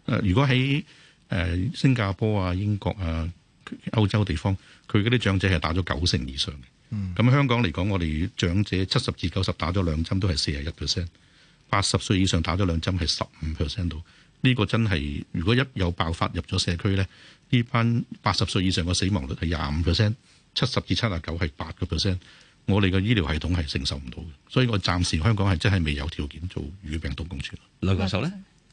誒，如果喺誒新加坡啊、英國啊、歐洲地方，佢嗰啲長者係打咗九成以上嘅。咁香港嚟講，我哋長者七十至九十打咗兩針都係四十一 percent，八十歲以上打咗兩針係十五 percent 度。呢、呢個真係，如果一有爆發入咗社區咧，呢班八十歲以上個死亡率係廿五 percent，七十至七十九係八個 percent。我哋嘅醫療系統係承受唔到，所以我暫時香港係真係未有條件做與病毒共存。劉教授咧，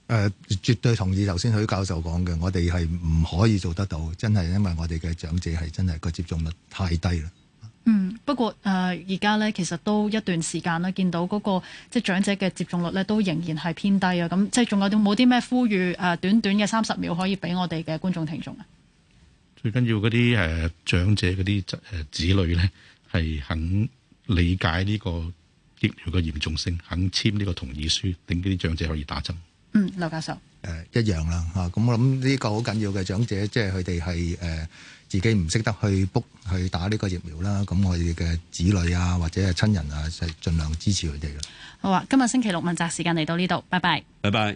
誒絕對同意頭先許教授講嘅，我哋係唔可以做得到，真係因為我哋嘅長者係真係個接種率太低啦。嗯，不過誒而家咧，其實都一段時間啦，見到嗰、那個即係長者嘅接種率咧，都仍然係偏低啊。咁即係仲有冇啲咩呼籲？誒短短嘅三十秒可以俾我哋嘅觀眾聽眾啊！最緊要嗰啲誒長者嗰啲誒子女咧。係肯理解呢個疫苗嘅嚴重性，肯簽呢個同意書，令啲長者可以打針。嗯，劉教授，誒、呃，一樣啦吓，咁、啊、我諗呢個好緊要嘅長者，即係佢哋係誒自己唔識得去 book 去打呢個疫苗啦，咁我哋嘅子女啊或者係親人啊，就盡量支持佢哋咯。好啊，今日星期六問責時間嚟到呢度，拜拜，拜拜。